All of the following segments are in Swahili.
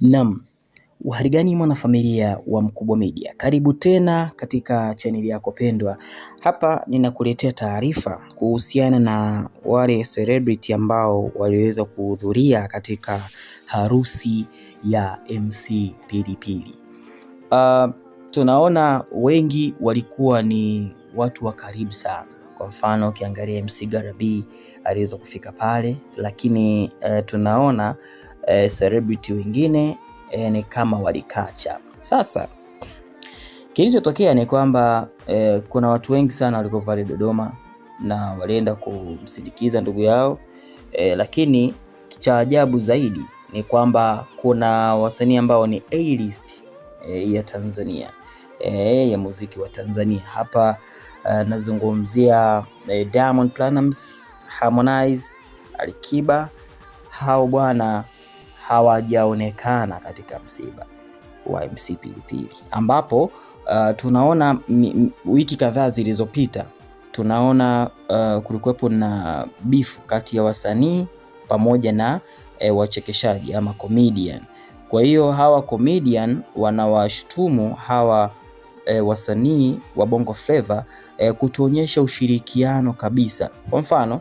Naam, uharigani mwanafamilia wa Mkubwa Media, karibu tena katika chaneli yako pendwa. Hapa ninakuletea taarifa kuhusiana na wale celebrity ambao waliweza kuhudhuria katika harusi ya MC Pilipili. Uh, tunaona wengi walikuwa ni watu wa karibu sana. Kwa mfano ukiangalia MC Garabi aliweza kufika pale, lakini uh, tunaona e, celebrity wengine e, ni kama walikacha. Sasa kilichotokea ni kwamba e, kuna watu wengi sana walikuwa pale Dodoma na walienda kumsindikiza ndugu yao e, lakini cha ajabu zaidi ni kwamba kuna wasanii ambao ni A-list e, ya Tanzania e, ya muziki wa Tanzania hapa e, nazungumzia e, Diamond Platnumz, Harmonize, Alikiba hao bwana hawajaonekana katika msiba wa MC Pilipili ambapo uh, tunaona wiki kadhaa zilizopita tunaona uh, kulikuwepo na bifu kati ya wasanii pamoja na e, wachekeshaji ama comedian. Kwa hiyo hawa comedian wanawashutumu hawa e, wasanii wa Bongo Flava e, kutuonyesha ushirikiano kabisa. Kwa mfano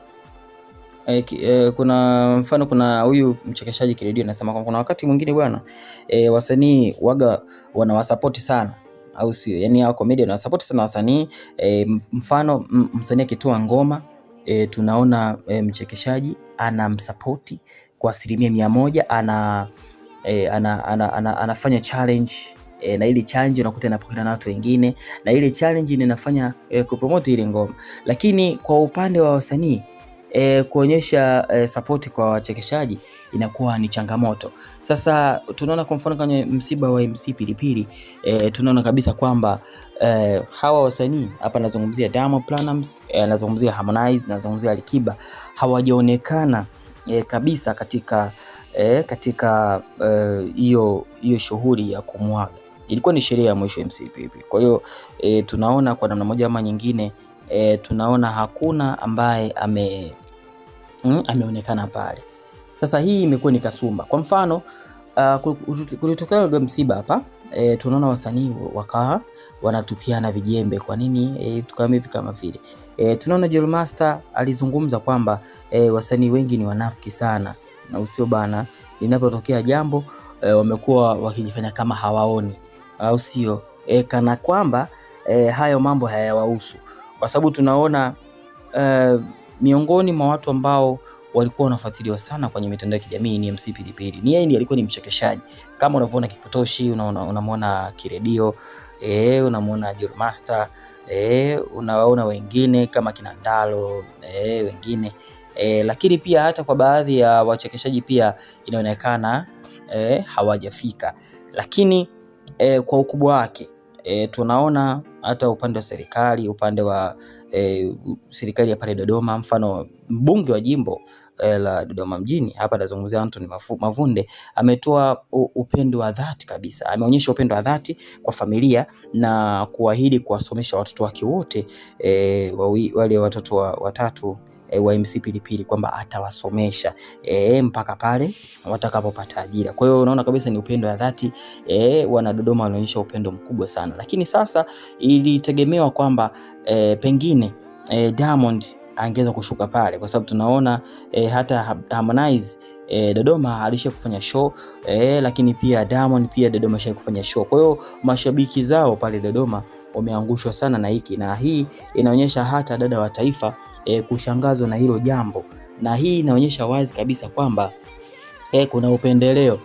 E, e, kuna mfano, kuna huyu mchekeshaji Kiredio anasema kwamba kuna wakati mwingine bwana e, wasanii waga wanawasapoti sana au sio? Yani hao comedian wanawasapoti sana wasanii e, mfano msanii akitoa ngoma e, tunaona e, mchekeshaji anamsapoti kwa asilimia mia moja ana, e, ana, ana, ana, anafanya challenge E, na ile challenge unakuta inapokana na watu wengine na ile challenge inafanya e, kupromote ile ngoma, lakini kwa upande wa wasanii e, kuonyesha e, eh, sapoti kwa wachekeshaji inakuwa ni changamoto. Sasa tunaona kwa mfano kwenye msiba wa MC Pilipili e, tunaona kabisa kwamba e, hawa wasanii hapa nazungumzia Diamond Platnumz, e, nazungumzia Harmonize, nazungumzia Alikiba hawajaonekana e, kabisa katika e, katika hiyo e, hiyo shughuli ya kumwaga ilikuwa ni sherehe ya mwisho MC Pilipili. Kwa hiyo e, tunaona kwa namna moja ama nyingine e, tunaona hakuna ambaye ame mm, ameonekana pale. Sasa hii imekuwa ni kasumba. Kwa mfano uh, kulitokea msiba hapa e, tunaona wasanii wakawa wanatupiana vijembe. Kwa nini e, eh, vitu kama hivi kama vile e, tunaona Joel Master alizungumza kwamba e, wasanii wengi ni wanafiki sana na usio bana, linapotokea jambo e, wamekuwa wakijifanya kama hawaoni, au sio? E, kana kwamba e, hayo mambo hayawahusu kwa sababu tunaona e, miongoni mwa watu ambao walikuwa wanafuatiliwa sana kwenye mitandao ya kijamii ni MC Pilipili. Ni yeye ndiye alikuwa ni mchekeshaji, kama unavyoona Kipotoshi, unamwona Kiredio, eh, unamwona Jol Master, eh, unawaona wengine kama Kinandalo, eh, wengine eh, lakini pia hata kwa baadhi ya wachekeshaji pia inaonekana eh, hawajafika, lakini eh, kwa ukubwa wake eh, tunaona hata upande wa serikali, upande wa e, serikali ya pale Dodoma, mfano mbunge wa jimbo e, la Dodoma mjini, hapa nazungumzia Anthony Mavunde, ametoa upendo wa dhati kabisa, ameonyesha upendo wa dhati kwa familia na kuahidi kuwasomesha watoto wake wote e, wale watoto watatu e, wa MC Pilipili kwamba atawasomesha e, mpaka pale watakapopata ajira. Kwa hiyo unaona kabisa ni upendo wa dhati e, wana Dodoma wanaonyesha upendo mkubwa sana, lakini sasa ilitegemewa kwamba e, pengine e, Diamond angeweza kushuka pale kwa sababu tunaona e, hata Harmonize E, Dodoma alisha kufanya show e, lakini pia Diamond pia Dodoma alisha kufanya show. Kwa hiyo mashabiki zao pale Dodoma wameangushwa sana na hiki, na hii inaonyesha hata dada wa taifa e, kushangazwa na hilo jambo, na hii inaonyesha wazi kabisa kwamba e, kuna upendeleo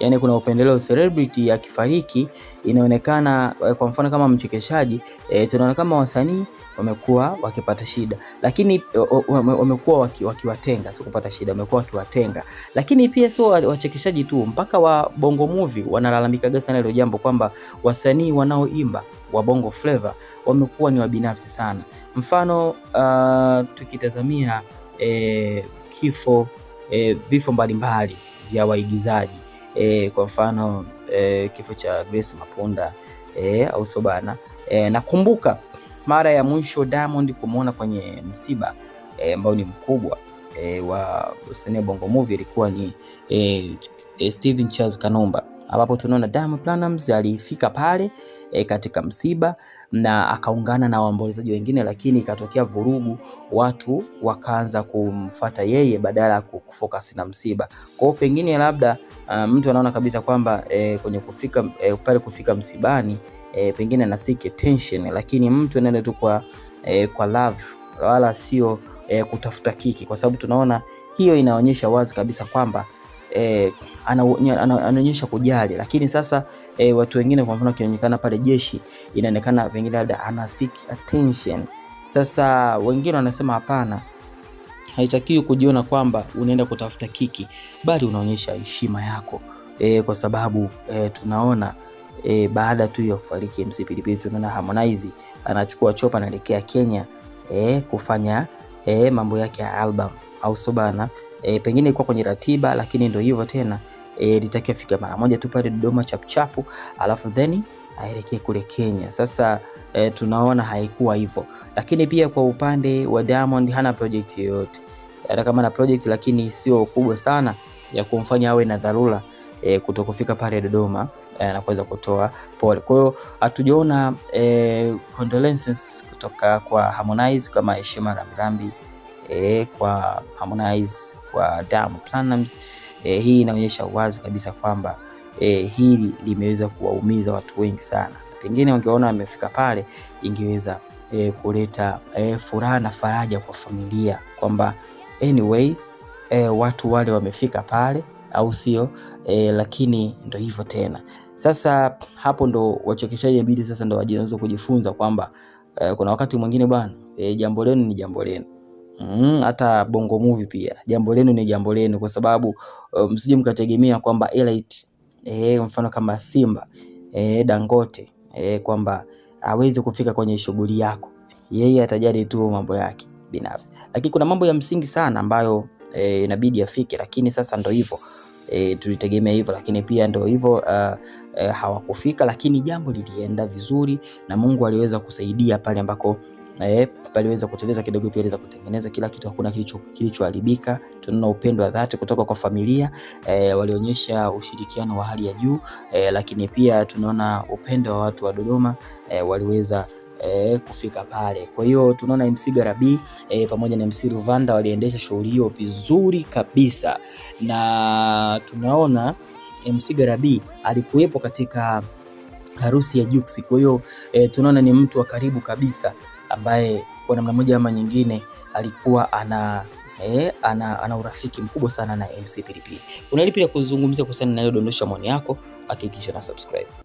yani kuna upendeleo. Celebrity akifariki inaonekana, eh, kwa mfano kama mchekeshaji e, tunaona kama wasanii wamekuwa wakipata shida, lakini wamekuwa wakiwatenga, sio kupata shida, wamekuwa wakiwatenga. Lakini pia sio wachekeshaji tu, mpaka wa bongo movie wanalalamikaga sana hilo jambo kwamba wasanii wanaoimba wa bongo flava wamekuwa ni wabinafsi sana. Mfano uh, tukitazamia eh, kifo eh, vifo mbalimbali vya waigizaji e, kwa mfano e, kifo cha Grace Mapunda e, au sio bana e, nakumbuka mara ya mwisho Diamond kumuona kwenye msiba e, ambao ni mkubwa e, wa usanii Bongo Movie ilikuwa ni e, e, Steven Charles Kanumba ambapo tunaona Diamond Platnumz alifika pale e, katika msiba na akaungana na waombolezaji wengine, lakini ikatokea vurugu, watu wakaanza kumfata yeye badala ya kufocus na msiba. Kwa hiyo pengine labda uh, mtu anaona kabisa kwamba e, kwenye kufika e, pale kufika msibani e, pengine anasiki tension, lakini mtu anaenda tu kwa e, kwa love wala sio e, kutafuta kiki, kwa sababu tunaona hiyo inaonyesha wazi kabisa kwamba eh, anaonyesha kujali, lakini sasa eh, watu wengine kwa mfano akionekana pale jeshi inaonekana pengine labda ana seek attention. Sasa wengine wanasema hapana, haitakiwi kujiona kwamba unaenda kutafuta kiki, bali unaonyesha heshima yako eh, kwa sababu eh, tunaona E, baada tu ya kufariki MC Pilipili tunaona Harmonize anachukua chopa anaelekea Kenya e, kufanya e, mambo yake ya album au sobana e, pengine ilikuwa kwenye ratiba, lakini ndio hivyo tena e, litakiwa fika mara moja tu pale Dodoma chapuchapu, alafu then aelekee kule Kenya. Sasa e, tunaona haikuwa hivyo, lakini pia kwa upande wa Diamond hana project yoyote, hata kama na project lakini sio kubwa sana ya kumfanya awe na dharura e, kutokufika pale Dodoma e, na kuweza kutoa pole. Kwa hiyo hatujaona e, condolences kutoka kwa Harmonize kama heshima rambirambi e, kwa Harmonize kwa Diamond Platnumz e, hii inaonyesha wazi kabisa kwamba e, hili limeweza kuwaumiza watu wengi sana. Pengine wangeona wamefika pale, ingeweza e, kuleta e, furaha na faraja kwa familia kwamba anyway e, watu wale wamefika pale au sio? E, lakini ndo hivyo tena. Sasa hapo ndo wachekeshaji inabidi sasa ndo wajianze kujifunza kwamba e, kuna wakati mwingine bwana e, jambo lenu ni jambo lenu. Mm-hmm. hata mm, Bongo Movie pia jambo lenu ni jambo lenu, kwa sababu um, msije um, mkategemea kwamba Elite eh, mfano kama Simba eh, Dangote eh, kwamba aweze kufika kwenye shughuli yako, yeye atajali tu mambo yake binafsi, lakini kuna mambo ya msingi sana ambayo e, inabidi afike, lakini sasa ndo hivyo. E, eh, tulitegemea hivyo lakini pia ndo hivyo uh, uh, hawakufika, lakini jambo lilienda vizuri na Mungu aliweza kusaidia pale ambako eh, paliweza kuteleza kidogo, pia aliweza kutengeneza kila kitu, hakuna kilichoharibika. Tunaona upendo wa dhati kutoka kwa familia eh, walionyesha ushirikiano wa hali ya juu eh, lakini pia tunaona upendo wa watu wa Dodoma eh, waliweza E, kufika pale. Kwa hiyo tunaona MC Garabi e, eh, pamoja na MC Ruvanda waliendesha shughuli hiyo vizuri kabisa, na tunaona MC Garabi alikuwepo katika harusi ya Jux. Kwa hiyo e, tunaona ni mtu wa karibu kabisa ambaye kwa namna moja ama nyingine alikuwa ana Eh, ana, ana urafiki mkubwa sana na MC Pilipili. Kuna lipi la kuzungumzia kuhusiana na hilo, dondosha maoni yako, hakikisha na subscribe.